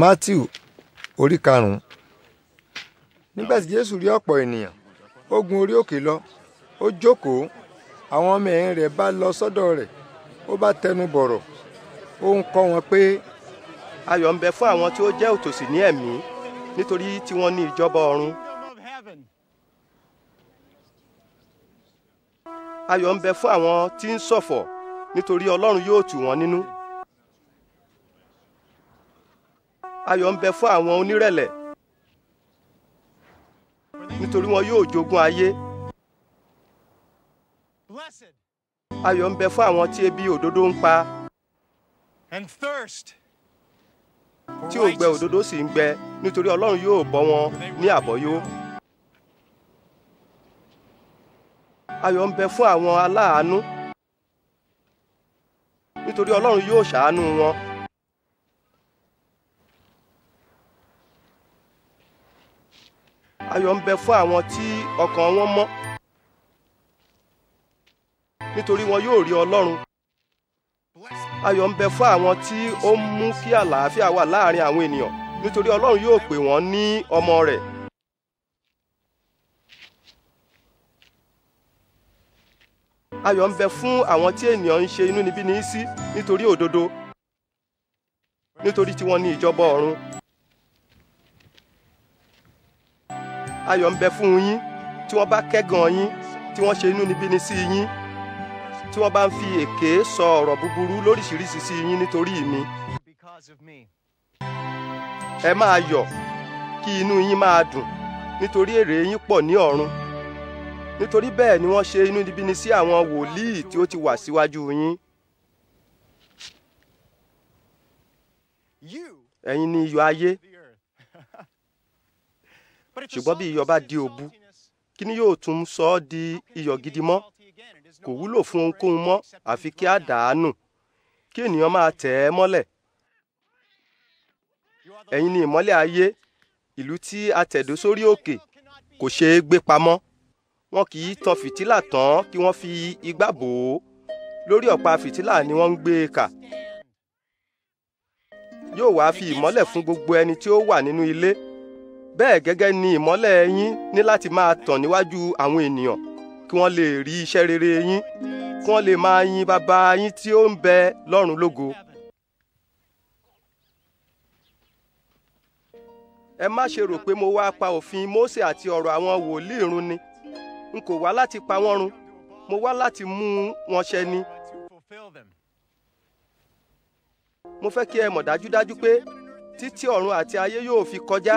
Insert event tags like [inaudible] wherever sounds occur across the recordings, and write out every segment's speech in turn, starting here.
matthew orí karùn-ún nígbà tí jésù rí ọ̀pọ̀ ènìyàn ó gun orí òkè lọ ó jókòó àwọn ọmọ ẹ̀yìn rẹ̀ bá lọ sọ́dọ̀ rẹ̀ ó bá tẹnu bọ̀rọ̀ ó ń kọ́ wọn pé. ayọ̀ ń bẹ fún àwọn tí ó jẹ́ òtòṣì ní ẹ̀mí nítorí tí wọ́n ní ìjọba ọ̀run. ayọ̀ ń bẹ fún àwọn tí ń ṣọ̀fọ̀ nítorí ọlọ́run yóò tù wọ́n nínú. ayọ̀ ń bẹ fún àwọn onírẹ̀lẹ̀ nítorí wọn yóò jogún ayé ayọ̀ ń bẹ fún àwọn tí ebi òdodo ń pa tí òǹgbẹ òdodo sì ń gbẹ nítorí Ọlọ́run yóò bọ́ wọn ní àbọ́yó ayọ̀ ń bẹ fún àwọn aláàánú nítorí Ọlọ́run yóò ṣàánú wọn. ayọ̀ ń bẹ fún àwọn tí ọkàn wọn mọ́ nítorí wọn yóò rí ọlọ́run ayọ̀ ń bẹ fún àwọn tí ó ń mú kí àlàáfíà wà láàrin àwọn ènìyàn nítorí ọlọ́run yóò pè wọ́n ní ọmọ rẹ̀. ayọ̀ ń bẹ fún àwọn tí ènìyàn ń ṣe inúnibíni sí nítorí òdodo nítorí tí wọ́n ní ìjọba ọ̀run. ayọ̀ ń bẹ fún yín tí wọ́n bá kẹ́gàn yín tí wọ́n ṣe inúnibíni sí yín tí wọ́n bá ń fi èké sọ ọ̀rọ̀ búburú lóríṣiríṣi sí yín nítorí mi. ẹ máa yọ̀ kí inú yín máa dùn nítorí èrè yín pọ̀ ní ọ̀run nítorí bẹ́ẹ̀ ni wọ́n ṣe inúnibíni sí àwọn wòlíì tí ó ti wà síwájú yín. ẹ̀yin ni iyọ̀ ayé ṣùgbọ́n bí iyọ̀ bá di òbu kí ni yóò tún sọ ọ́ di iyọ̀ gidi mọ́ kò wúlò fún ohunkóhun mọ́ àfi kí á dàánù kí ènìyàn máa tẹ̀ ẹ́ mọ́lẹ̀ ẹ̀yin ni ìmọ́lẹ̀ ayé ìlú tí a tẹ̀dó sórí òkè kò ṣeé gbé pamọ́ wọn kì í tan fìtílà tán kí wọ́n fi igbá bò ó lórí ọ̀pá fìtílà ni wọ́n ń gbé e kà yóò wá fi ìmọ́lẹ̀ fún gbogbo ẹni tí ó wà nínú ilé bẹ́ẹ̀ gẹ́gẹ́ ni ìmọ́lẹ̀ yín ní láti máa tàn níwájú àwọn ènìyàn kí wọ́n lè rí iṣẹ́ rere yín kí wọ́n lè máa yin bàbá yín tí ó ń bẹ lọ́run lógo. ẹ má ṣe rò pé mo wá pa òfin Mósè àti ọ̀rọ̀ àwọn wòlíì run ni n kò wá láti pa wọ́n run mo wá láti mú wọn ṣẹ ni. mo fẹ́ kí ẹ mọ̀ dájúdájú pé títí ọ̀run àti ayé yóò fi kọjá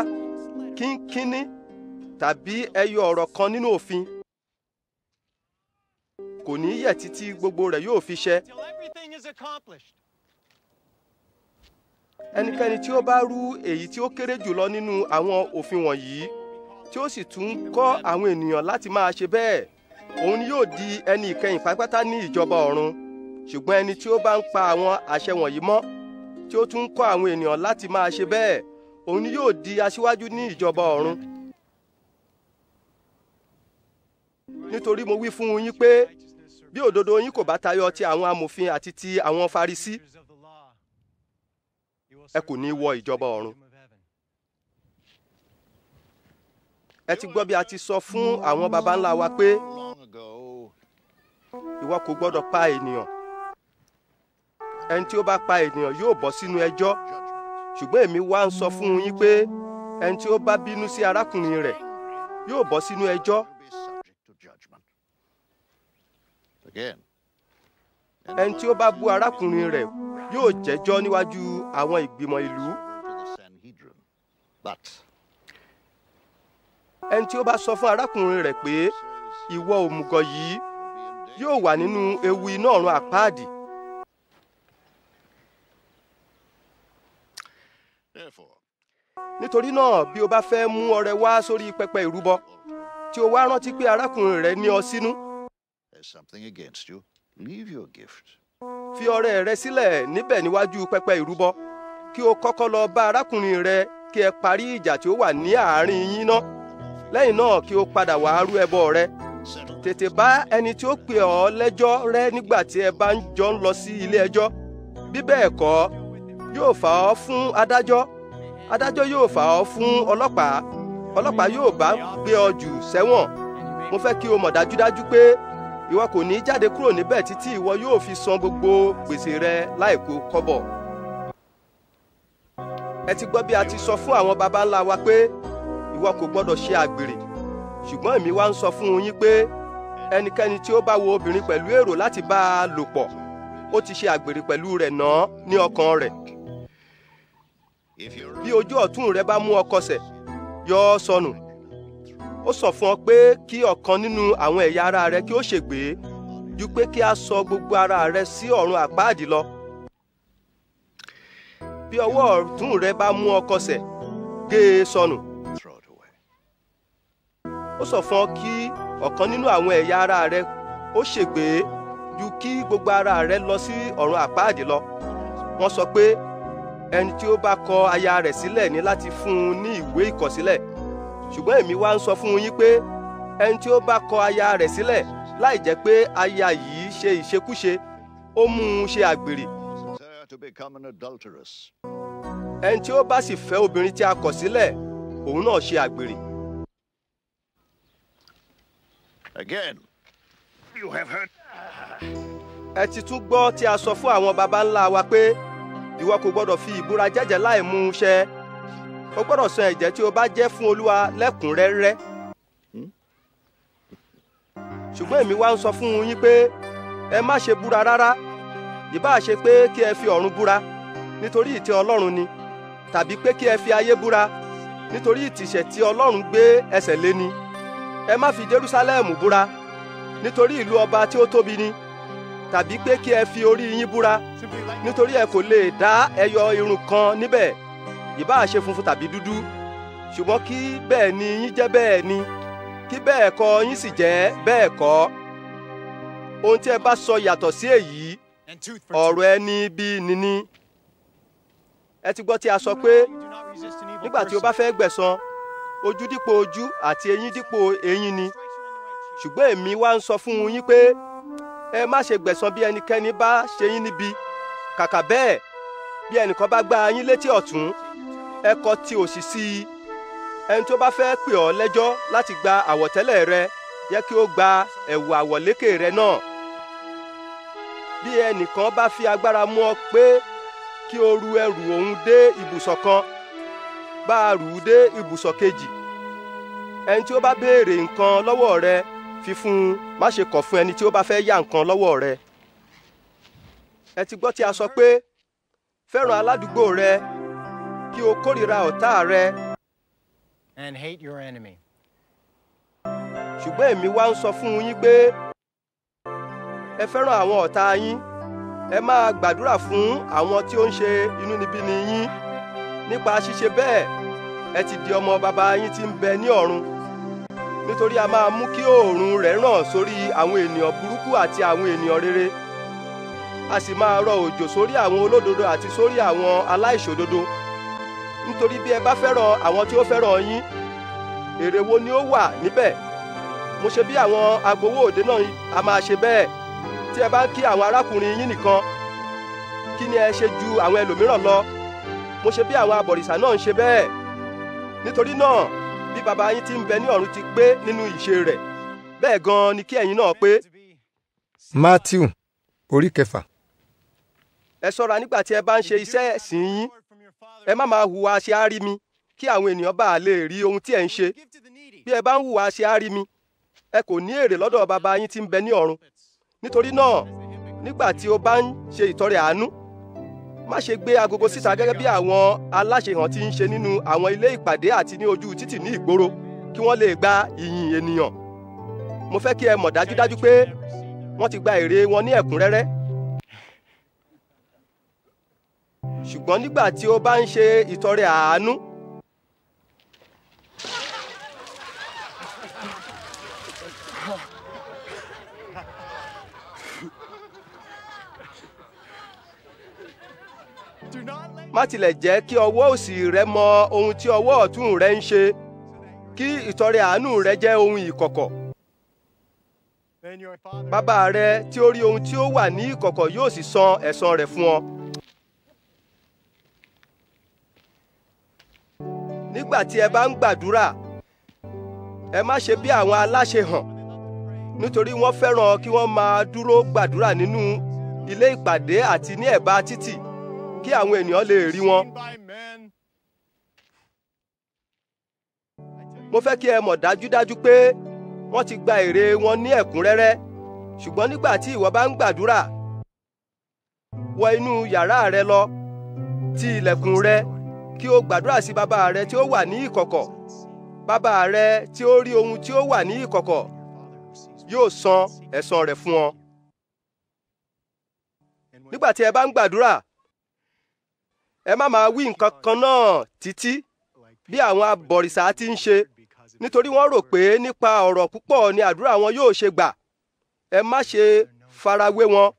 kínkínní tàbí ẹyọ ọ̀rọ̀ kan nínú òfin kò ní yẹ̀ títí gbogbo rẹ̀ yóò fi ṣẹ. ẹnikẹ́ni tí ó bá rú èyí tí ó kéré jùlọ nínú àwọn òfin wọ̀nyí tí ó sì tún kọ́ àwọn ènìyàn láti máa ṣe bẹ́ẹ̀ òun ni yóò di ẹni ìkẹyìn pátápátá ní ìjọba ọ̀run ṣùgbọ́n ẹni tí ó bá ń pa àwọn àṣẹ wọ̀nyí mọ́ tí ó tún kọ́ àwọn ènìyàn láti máa ṣe bẹ́ẹ̀ òun ni yóò di aṣíwájú ní ìjọba ọ̀run. nítorí mo wí fún yín pé bí òdodo yín kò bá tayọ ti àwọn amòfin àti ti àwọn farisí ẹ kò ní wọ ìjọba ọ̀run. ẹ ti gbọ́ bí a ti sọ fún àwọn baba ńlá wa pé ìwọ kò gbọ́dọ̀ pa ènìyàn ẹni tí ó bá pa ènìyàn yóò bọ́ sínú ẹjọ́. E ṣùgbọ́n èmi wá ń sọ fún yín pé ẹni tí ó bá bínú sí arákùnrin rẹ̀ yóò bọ́ sínú ẹjọ́. ẹni tí ó bá bú arákùnrin rẹ̀ yóò jẹ́jọ́ níwájú àwọn ìgbìmọ̀ ìlú. ẹni tí ó bá sọ fún arákùnrin rẹ̀ pé ìwọ òmùgọ̀ yìí yóò wà nínú ewu iná ọ̀run àpáàdì. nítorí náà bí o bá fẹ́ mú ọrẹ wá sórí pẹpẹ ìrúbọ tí o wá rántí pé arákùnrin rẹ ní ọ sínú. something against you. leave your gift. fi ọrẹ rẹ sílẹ̀ níbẹ̀ níwájú pẹpẹ ìrúbọ kí o kọ́kọ́ lọ bá arákùnrin rẹ kí ẹ parí ìjà tí ó wà ní àárín yín ná lẹ́yìn náà kí o padà wá rú ẹbọ rẹ tètè bá ẹni tí ó pè ọ́ lẹ́jọ́ rẹ nígbà tí ẹ bá ń jọ ń lọ sí ilé ẹjọ́ bí bẹ́ẹ̀ kọ́ yóò fà ọ́ fún adájọ́ adájọ́ yóò fà ọ́ fún ọlọ́pàá ọlọ́pàá yóò bá gbé ọ jù sẹ́wọ̀n mo fẹ́ kí o mọ̀ dájúdájú pé ìwọ kò ní jáde kúrò níbẹ̀ títí ìwọ yóò fi san gbogbo gbèsè rẹ láìkó kọ́bọ̀. ẹ ti gbọ́ bí a ti sọ fún àwọn baba ńlá wa pé ìwọ kò gbọ́dọ̀ ṣe àgbèrè ṣùgbọ́n èmi wá ń sọ fún yín pé ẹnikẹ́ni tí ó bá wo obìnrin pẹ̀lú èrò láti bá a lò pọ̀ ó ti ṣe àgbèrè pẹ̀lú rẹ̀ náà ní ọkàn rẹ̀ bí ojú ọ̀tún rẹ bá mú ọ kọsẹ̀ yọ ọ sọnù ó sọ fún ọ pé kí ọ̀kan nínú àwọn ẹ̀yà ara rẹ kí ó ṣègbé ju pé kí a sọ gbogbo ara rẹ sí ọ̀run àpáàdì lọ bí ọwọ́ ọ̀tún rẹ bá mú ọ kọsẹ̀ gé e sọnù ó sọ fún ọ kí ọ̀kan nínú àwọn ẹ̀yà ara rẹ ó ṣègbé ju kí gbogbo ara rẹ lọ sí ọ̀run àpáàdì lọ wọ́n sọ pé ẹni tí ó bá kọ aya rẹ̀ sílẹ̀ ní láti fún un ní ìwé ìkọ̀sílẹ̀ ṣùgbọ́n èmi wá ń sọ fún yín pé ẹni tí ó bá kọ aya rẹ̀ sílẹ̀ láì jẹ́ pé aya yìí ṣe ìṣekúṣe ó mú un ṣe àgbèrè. ẹni tí ó bá sì fẹ́ obìnrin tí a kọ̀ sílẹ̀ òun náà ṣe àgbèrè. Again, you have heard. ẹ ti tún gbọ́ tí a sọ fún àwọn baba ńlá wa pé ìwọ kò gbọ́dọ̀ fi ìbúra jẹ́jẹ́ láì mú un ṣẹ o gbọ́dọ̀ san ẹ̀jẹ́ tí o bá jẹ́ fún olúwa lẹ́kùnrẹ́rẹ́ hmm? ṣùgbọ́n èmi wá ń sọ fún yín pé ẹ má ṣe búra rárá ìbá ṣe pé kí ẹ fi ọ̀run búra nítorí ìtẹ́ ọlọ́run ni tàbí pé kí ẹ fi ayé búra nítorí ìtìsẹ̀ tí ọlọ́run gbé ẹsẹ̀ lé ni ẹ má fi Jerúsálẹ́mù búra nítorí ìlú ọba tí ó tóbi ni tàbí pé kí ẹ fi orí yín búra nítorí ẹ kò lè dá ẹyọ irun kan níbẹ̀ ìbáà ṣe funfun tàbí dúdú ṣùgbọ́n kí bẹ́ẹ̀ ni yín jẹ́ bẹ́ẹ̀ ni kí bẹ́ẹ̀ kọ́ yín sì jẹ́ bẹ́ẹ̀ kọ́ ohun tí ẹ bá sọ yàtọ̀ sí èyí ọ̀rọ̀ ẹni bí níní ẹ ti gbọ́ tí a sọ pé nígbà tí o bá fẹ́ gbẹ̀san ojú dípò ojú àti eyín dípò eyín ni ṣùgbọ́n èmi wá ń sọ fún yín pé ẹ má ṣe gbẹ̀san bí ẹnikẹ́ni bá ṣe yín níbi kàkà bẹ́ẹ̀ bí ẹnìkan bá gbá yín létí ọ̀tún ẹ kọ ti òsì sí i ẹni tó bá fẹ́ pè ọ́ lẹ́jọ́ láti gba àwọ̀tẹ́lẹ̀ rẹ yẹ kí ó gba ẹ̀wù àwọ̀lékè rẹ náà bí ẹnìkan bá fi agbára mú ọ pé kí o ru ẹrù òun dé ibùsọ̀ kan bá a rù ú dé ibùsọ̀ kejì ẹni tí ó bá béèrè nǹkan lọ́wọ́ rẹ fífún má ṣe kọ̀ fún ẹni tí ó bá fẹ́ yá nǹkan lọ́wọ́ rẹ. ẹ ti gbọ́ tí a sọ pé fẹ́ràn aládùúgbò rẹ kí o kórìíra ọ̀tá rẹ. and hate your enemy. ṣùgbọ́n èmi wá ń sọ fún yín pé ẹ fẹ́ràn àwọn ọ̀tá yín ẹ máa gbàdúrà fún àwọn tí ó ń ṣe inúnibíni yín nípa ṣíṣe bẹ́ẹ̀ ẹ ti di ọmọ bàbá yín tí ń bẹ ní ọ̀run nítorí a máa mú kí oòrùn rẹ̀ ràn sórí àwọn ènìyàn burúkú àti àwọn ènìyàn rere a sì máa rọ òjò sórí àwọn olódodo àti sórí àwọn aláìṣòdodo nítorí bí ẹ bá fẹ́ràn àwọn tí ó fẹ́ràn yín èrè wo ni ó wà níbẹ̀ mo ṣe bí àwọn agbowó òde náà a máa ṣe bẹ́ẹ̀ tí ẹ bá ń kí àwọn arákùnrin yín nìkan kí ni ẹ ṣe ju àwọn ẹlòmíràn lọ mo ṣe bí àwọn abọ̀rìṣà náà ń ṣe bẹ́ẹ̀ nítorí náà bí baba yín ti ń bẹ ní ọ̀run ti pé nínú ìṣe rẹ̀ bẹ́ẹ̀ gan-an ni kí ẹ̀yin náà pé. Matthew orí kẹfà. ẹ ṣọ́ra nígbà tí ẹ bá ń ṣe iṣẹ́ ẹ̀sìn yín ẹ má máa hùwà ṣe á rí mi kí àwọn ènìyàn bá lè rí ohun tí ẹ ń ṣe bí ẹ bá ń hùwà ṣe á mi ẹ kò ní èrè lọ́dọ̀ baba yín ti ń bẹ ní ọ̀run nítorí náà nígbà tí o bá ń ṣe ìtọrẹ àánú má ṣe gbé agogo síta gẹ́gẹ́ bí àwọn aláṣẹ hàn ti ń ṣe nínú àwọn ilé ìpàdé àti ní ojú títì ní ìgboro kí wọ́n lè gba ìyìn ènìyàn mo fẹ́ kí ẹ mọ̀ dájúdájú pé wọ́n ti gba èrè wọn ní ẹ̀kúnrẹ́rẹ́ ṣùgbọ́n nígbà tí ó bá ń ṣe ìtọrẹ àánú má tilẹ̀ jẹ́ kí ọwọ́ òsì rẹ mọ ohun tí ọwọ́ ọ̀tún rẹ ń ṣe kí ìtọrẹ àánú rẹ jẹ́ ohun ìkọ̀kọ̀. bàbá rẹ tí ó rí ohun tí ó wà ní ìkọ̀kọ̀ yóò sì san ẹ̀san rẹ̀ fún ọ. nígbà tí ẹ bá ń gbàdúrà ẹ má ṣe bí àwọn aláṣẹ hàn nítorí wọ́n fẹ́ràn kí wọ́n máa dúró gbàdúrà nínú ilé ìpàdé àti ní ẹ̀bá títì kí àwọn ènìyàn lè rí wọn. mo fẹ́ kí ẹ mọ̀ dájúdájú pé wọ́n ti gba èrè wọn ní ẹ̀kúnrẹ́rẹ́ ṣùgbọ́n nígbà tí ìwọ bá ń gbàdúrà wọ inú yàrá rẹ lọ ti ilẹ̀kùn rẹ kí o gbàdúrà sí bàbá rẹ tí ó wà ní ìkọ̀kọ̀ bàbá rẹ tí ó rí ohun tí ó wà ní ìkọ̀kọ̀ yóò san ẹ̀san rẹ̀ fún ọ. nígbà tí ẹ bá ń gbàdúrà ẹ má máa wí nǹkan kan náà títí bí àwọn abọ̀rìṣà ti ń ṣe nítorí wọ́n rò pé nípa ọ̀rọ̀ púpọ̀ ni àdúrà wọn yóò ṣe gbà ẹ má ṣe farawé wọn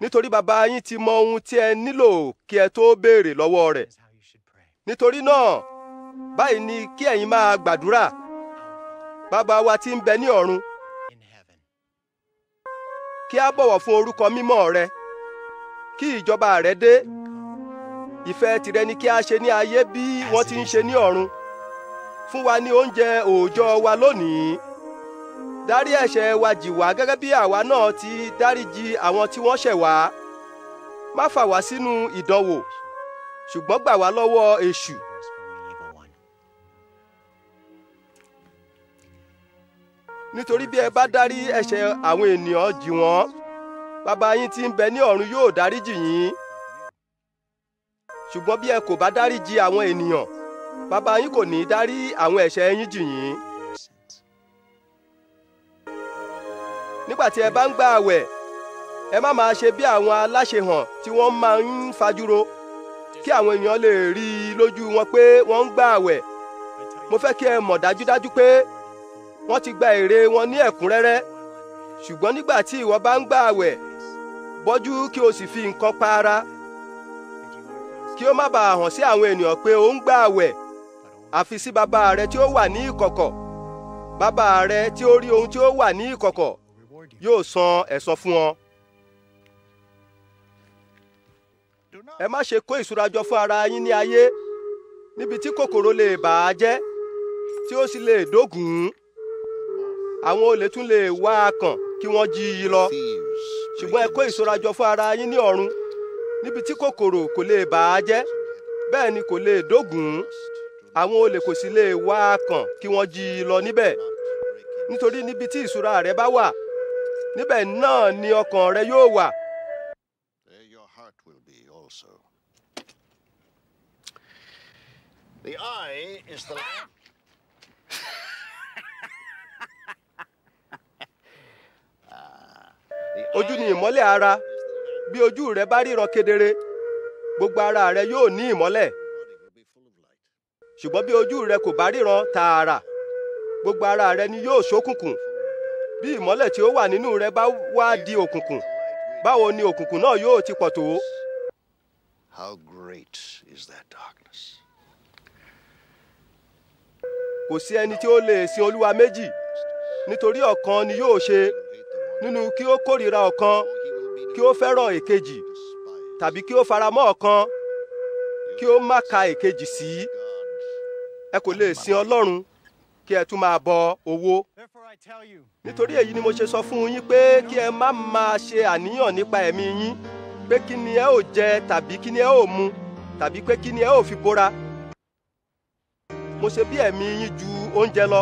nítorí bàbá yín ti mọ ohun tí ẹ nílò kí ẹ tó béèrè lọ́wọ́ rẹ̀ nítorí náà báyìí ni kí ẹ̀yin máa gbàdúrà bàbá wa ti ń bẹ ní ọ̀run kí a bọ̀wọ̀ fún orúkọ mímọ́ rẹ kí ìjọba rẹ dé ìfẹ́ tìrẹ ni kí a ṣe ní ayé bí wọ́n ti ń ṣe ní ọ̀run fún wa ní oúnjẹ òòjọ́ wa lónìí dárí ẹ̀ṣẹ̀ wa jì wá gẹ́gẹ́ bí àwa náà ti dáríjì àwọn tí wọ́n ṣẹ̀ wá má fà wá sínú ìdánwò ṣùgbọ́n gbà wá lọ́wọ́ èṣù. nítorí bí ẹ bá dárí ẹ̀ṣẹ̀ àwọn ènìyàn jì wọ́n bàbá yín tí ń bẹ ní ọ̀run yóò dáríjì yín ṣùgbọ́n bí ẹ kò bá dáríji àwọn ènìyàn bàbá yín kò ní í dárí àwọn ẹ̀ṣẹ̀ yín jì yín. nígbà tí ẹ bá ń gba àwẹ̀ ẹ má máa ṣe bí àwọn aláṣehàn tí wọ́n máa ń fajúro kí àwọn èèyàn lè rí i lójú wọn pé wọ́n ń gba àwẹ̀ mo fẹ́ kí ẹ mọ̀ dájúdájú pé wọ́n ti gba èrè wọn ní ẹ̀kúnrẹ́rẹ́ ṣùgbọ́n nígbà tí ìwọ bá ń gba àwẹ̀ bọ́jú kí o sì fi nǹkan pa ara kí ó má bàa hàn sí àwọn ènìyàn pé ó ń gbà àwẹ̀ àfi sí bàbá rẹ tí ó wà ní ìkọ̀kọ̀ bàbá rẹ tí ó rí ohun tí ó wà ní ìkọ̀kọ̀ yóò san ẹ̀san fún ọ. ẹ má ṣe kó ìṣúra jọ fún ara yín ní ayé níbi tí kòkòrò lè bà á jẹ́ tí ó sì lè dógùn ún àwọn olè tún lè wá a kàn kí wọ́n jí i lọ ṣùgbọ́n ẹ kó ìṣúra jọ fún ara yín ní ọ̀run níbi tí kòkòrò kò lè bà á jẹ́ bẹ́ẹ̀ ni kò lè dógùn àwọn olè kò sì lè wá a kàn kí wọ́n jí i lọ níbẹ̀ nítorí níbi tí ìṣúra rẹ bá wà níbẹ̀ náà ni ọkàn rẹ yóò wà. The eye is the [laughs] ah. ojú ni ìmọ́lẹ̀ ara bí ojú rẹ bá ríran kedere gbogbo ara rẹ yóò ní ìmọ́lẹ̀ ṣùgbọ́n bí ojú rẹ kò bá ríran tààrà gbogbo ara rẹ ni yóò ṣókùnkùn bí ìmọ́lẹ̀ tí ó wà nínú rẹ bá wá di òkùnkùn báwo ni òkùnkùn náà yóò ti pọ̀ tó. How great is that darkness? Kò sí ẹni tí ó lè sin Olúwa méjì nítorí ọ̀kan ni yóò ṣe nínú kí ó kórìíra ọ̀kan kí ó fẹ́ràn èkejì tàbí kí ó faramọ́ ọ̀kan kí ó má ka èkejì sí ẹ kò lè sin ọlọ́run kí ẹ tún máa bọ owó. nítorí èyí ni mo ṣe sọ fún yín pé kí ẹ má máa ṣe àníyàn nípa ẹ̀mí yín pé kí ni ẹ ò jẹ tàbí kí ni ẹ ò mu tàbí pé kí ni ẹ ò fi bora. mo ṣe bí ẹ̀mí yín ju oúnjẹ lọ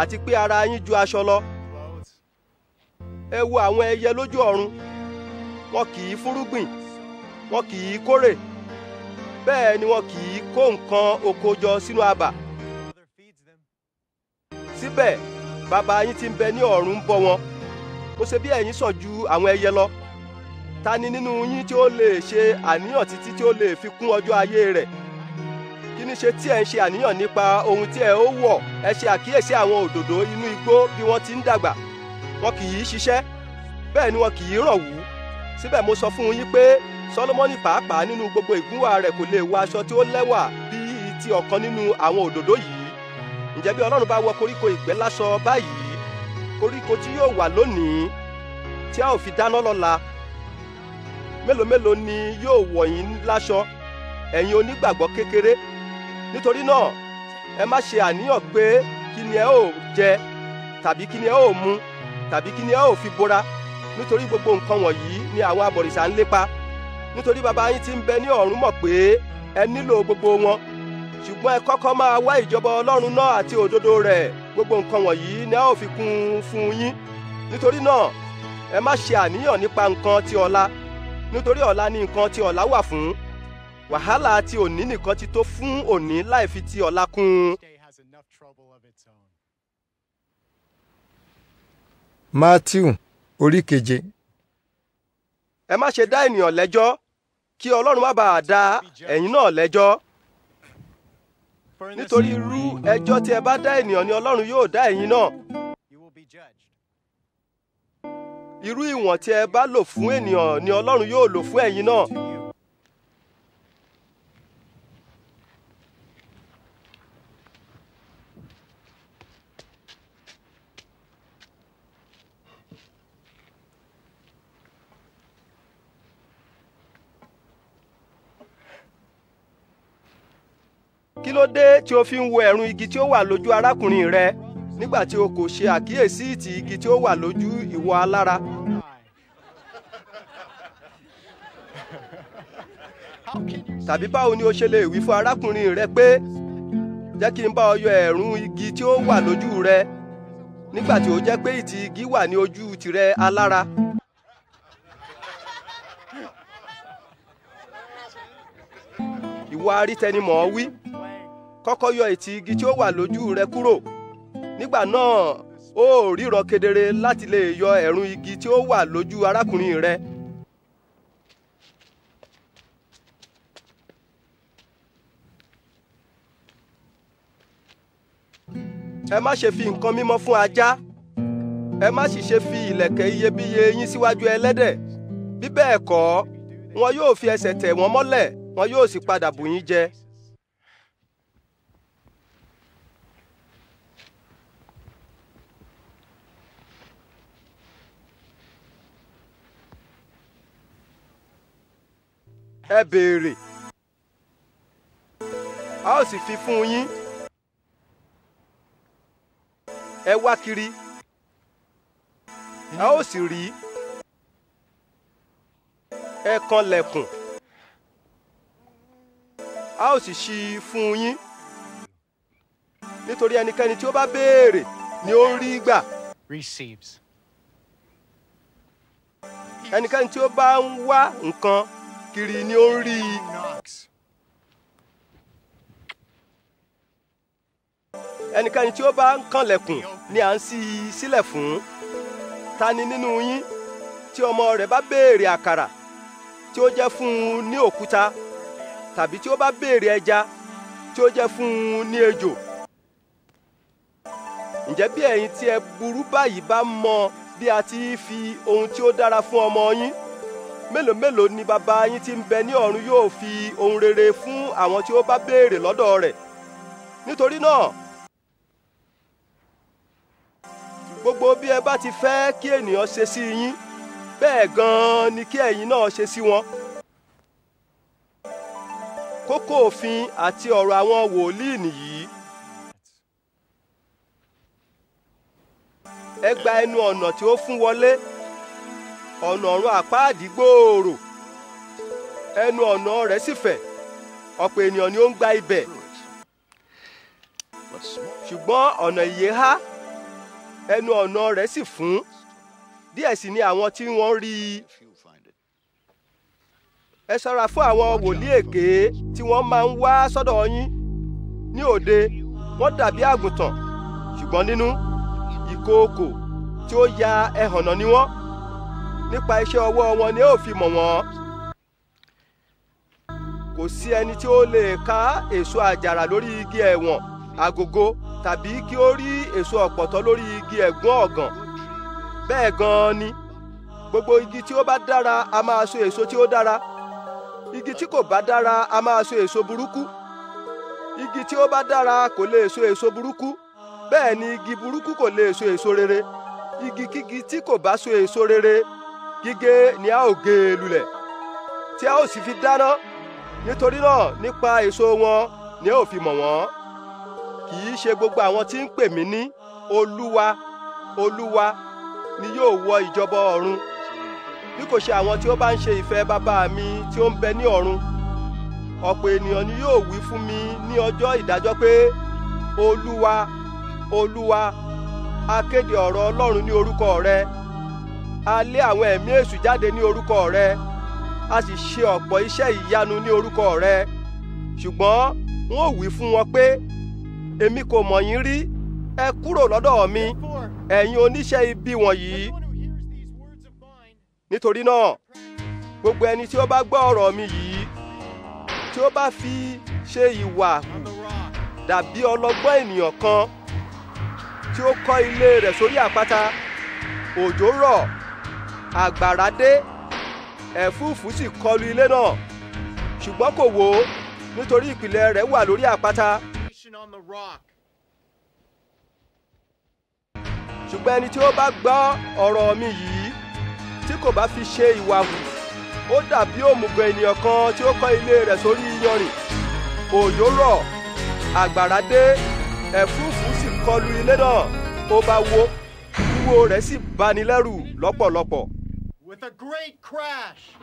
àti pé ara yín ju aṣọ lọ. ẹ wo àwọn ẹyẹ lójú ọ̀run wọn kì í fúrúgbìn wọn kì í kórè bẹ́ẹ̀ ni wọn kì í kó nǹkan oko jọ sínú abà síbẹ̀ bàbá yín tí ń bẹ ní ọ̀run ń wọn mo ṣe bí ẹ̀yin sàn ju àwọn ẹyẹ lọ ta ni nínú yín tí ó lè ṣe àníyàn títí tí ó lè fi kún ọjọ́ ayé rẹ̀ kí ni ṣe tí ẹ ń ṣe àníyàn nípa ohun tí ẹ ó wọ̀ ẹ ṣe àkíyèsí àwọn òdòdó inú igbó bí wọ́n ti ń dàgbà wọn kì í ṣiṣẹ́ bẹ́ẹ̀ ni wọn kì í rọ̀wú síbẹ̀ mo sọ fún yín pé Sólómọ́nì pàápàá nínú gbogbo ìgúnwà rẹ̀ kò lè wọ aṣọ tí ó lẹ́wà bíi ti ọ̀kan nínú àwọn òdòdó yìí ǹjẹ́ bí Ọlọ́run bá wọ koríko ìgbẹ́ láṣọ báyìí koríko tí yóò wà lónìí tí a ò fi dáná lọ́la mélòó mélòó ni yóò wọ̀ yín láṣọ ẹ̀yin onígbàgbọ́ kékeré nítorí náà ẹ má ṣe àníyàn pé kí ni ẹ ó jẹ tàbí kí ni ẹ ó mu tàbí kí ni ẹ ó fi bora nítorí gbogbo nǹkan wọ̀nyí ni àwọn abọ̀rìṣà ń lépa nítorí baba yín tí ń bẹ ní ọ̀run mọ̀ pé ẹ nílò gbogbo wọn ṣùgbọ́n ẹ kọ́kọ́ máa wá ìjọba ọlọ́run náà àti òdodo rẹ̀ gbogbo nǹkan wọ̀nyí ni a ó fi kún un fún yín nítorí náà ẹ má ṣe àníyàn nípa nǹkan ti ọ̀la nítorí ọ̀la ni nǹkan ti ọ̀la wà fún wàhálà ti òní nìkan ti tó fún òní láì fi ti ọ̀la kún un. Matthew orí keje. ẹ má ṣe dá ènìyàn lẹ́jọ́ kí ọlọ́run má bàa dá ẹ̀yin náà lẹ́jọ́ nítorí irú ẹjọ́ tí ẹ bá dá ènìyàn ni ọlọ́run yóò dá ẹ̀yin náà irú ìwọ̀n tí ẹ bá lò fún ènìyàn ni ọlọ́run yóò lò fún ẹ̀yin náà. kí ló dé tí o fi ń wo ẹ̀rún igi tí ó wà lójú arákùnrin rẹ nígbà tí o kò ṣe àkíyèsí ìtì igi tí ó wà lójú ìwọ alára. tàbí báwo ni o ṣe lè wí fún arákùnrin rẹ pé jẹ́ kí n bá ọ yọ ẹ̀rún igi tí ó wà lójú rẹ nígbà tí ó jẹ́ pé ìtì igi wà ní ojú tìrẹ alára. ìwà arítẹnimọ̀ wí. kọ́kọ́ yọ ìtì igi tí ó wà lójú rẹ kúrò nígbà náà ó ríran kedere láti lè yọ ẹ̀rùn igi tí ó wà lójú arákùnrin rẹ. ẹ má ṣe fi nǹkan mímọ́ fún ajá ẹ má sì ṣe fi ìlẹ̀kẹ̀ iyebíye yín síwájú ẹlẹ́dẹ̀ bí bẹ́ẹ̀ kọ́ wọn yóò fi ẹsẹ̀ tẹ̀ wọ́n mọ́lẹ̀ wọn yóò sì padà bù yín jẹ. ẹ béèrè a ó sì fi fún yín ẹ wá kiri a ó sì rí ẹ kanlẹ̀kùn a ó sì ṣí i fún yín nítorí ẹnikẹ́ni tí ó bá béèrè ni ó ń rí gbà. receives. ẹnikẹ́ni tí ó bá ń wá nǹkan. kiri ni ó rí i. ẹnikẹ́ni tí ó bá ń kanlẹ̀kùn ni à ń ṣí i sílẹ̀ fún. ta ni nínú yín tí ọmọ rẹ̀ bá béèrè àkàrà tí ó jẹ́ fún un ní òkúta tàbí tí ó bá béèrè ẹja tí ó jẹ́ fún un ní ejò. ǹjẹ́ bí ẹ̀yin tí ẹ burú báyìí bá mọ bí a ti fi ohun tí ó dára fún ọmọ yín mélòó mélòó ni bàbá yín tí ń bẹ ní ọ̀run yóò fi ohun rere fún àwọn tí ó bá béèrè lọ́dọ̀ rẹ̀ nítorí náà gbogbo bí ẹ bá ti fẹ́ kí ènìyàn ṣe sí yín bẹ́ẹ̀ gan-an ni kí ẹ̀yin náà ṣe sí wọn kókó òfin àti ọ̀rọ̀ àwọn wòlíì nìyí. ẹ gba ẹnu ọ̀nà tí ó fún wọlé ọ̀nà ọ̀run àpáàdì gbòòrò ẹnu ọ̀nà rẹ̀ sì fẹ̀ ọ̀pọ̀ ènìyàn ni ó ń gba ibẹ̀ ṣùgbọ́n ọ̀nà ìyè há ẹnu ọ̀nà rẹ̀ sì fún díẹ̀ sì ni àwọn tí wọ́n rí i ẹ ṣọ́ra fún àwọn wòlíì èké tí wọ́n máa ń wá sọ́dọ̀ yín ní òde wọ́n dàbí àgùntàn ṣùgbọ́n nínú ìkookò tí ó ya ẹhànnà ni wọ́n nípa iṣẹ́ ọwọ́ wọn ni ó fi mọ̀ wọ́n. kò sí ẹni tí ó lè ká èso àjàrà lórí igi ẹ̀wọ̀n àgógó tàbí kí ó rí èso ọ̀pọ̀tọ́ lórí igi ẹ̀gún ọ̀gàn bẹ́ẹ̀ gan-an ni gbogbo igi tí ó bá dára a máa so èso tí ó dára igi tí kò bá dára a máa so èso burúkú igi tí ó bá dára kò lè so èso burúkú bẹ́ẹ̀ ni igi burúkú kò lè so èso rere igikígi tí kò bá so èso rere gígé ni a ó gé e lulẹ̀ tí a ó sì fi dáná nítorí náà nípa èso wọn ni a ó fi mọ̀ wọ́n kì í ṣe gbogbo àwọn tí ń pè mí ní olúwa olúwa ni yóò wọ ìjọba ọ̀run bí kò ṣe àwọn tí ó bá ń ṣe ìfẹ́ bàbá mi tí ó ń bẹ ní ọ̀run ọ̀pọ̀ ènìyàn ni yóò wí fún mi ní ọjọ́ ìdájọ́ pé olúwa olúwa a kéde ọ̀rọ̀ ọlọ́run ní orúkọ rẹ a lé àwọn ẹ̀mí èṣù jáde ní orúkọ rẹ a sì ṣe ọ̀pọ̀ iṣẹ́ ìyanu ní orúkọ rẹ ṣùgbọ́n wọn wí fún wọn pé èmi kò mọ̀ yín rí ẹ kúrò lọ́dọ̀ mi ẹ̀yin oníṣẹ́ ibi wọ̀nyí. nítorí náà gbogbo ẹni tí ó bá gbọ́ ọ̀rọ̀ mi yìí tí ó bá fi ṣe ìwà hù dàbí ọlọ́gbọ́n ènìyàn kan tí ó kọ́ ilé rẹ̀ sórí àpáta òjò rọ̀ àgbàrá dé ẹ̀fúùfù sì kọlu ilé náà ṣùgbọ́n kò wó nítorí ìpìlẹ̀ rẹ̀ wà lórí àpáta. ṣùgbọ́n ẹni tí ó bá gbọ́ ọ̀rọ̀ mi yìí tí kò bá fi ṣe ìwà hù ó dàbí òmùgọ̀ ènìyàn kan tí ó kọ́ ilé rẹ̀ sórí iyanrìn òjò rọ̀ àgbàrá dé ẹ̀fúùfù sì kọlu ilé náà ó bá wó wíwó rẹ̀ sì bani lẹ́rù lọ́pọ̀lọpọ̀ with a great crash.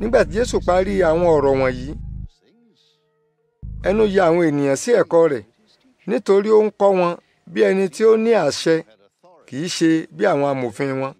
nígbà tí Jésù parí àwọn ọ̀rọ̀ wọ̀nyí ẹnu ya àwọn ènìyàn sí ẹ̀kọ́ rẹ̀ nítorí ó ń kọ́ wọn bí ẹni tí ó ní àṣẹ kì ṣe bí àwọn amòfin wọn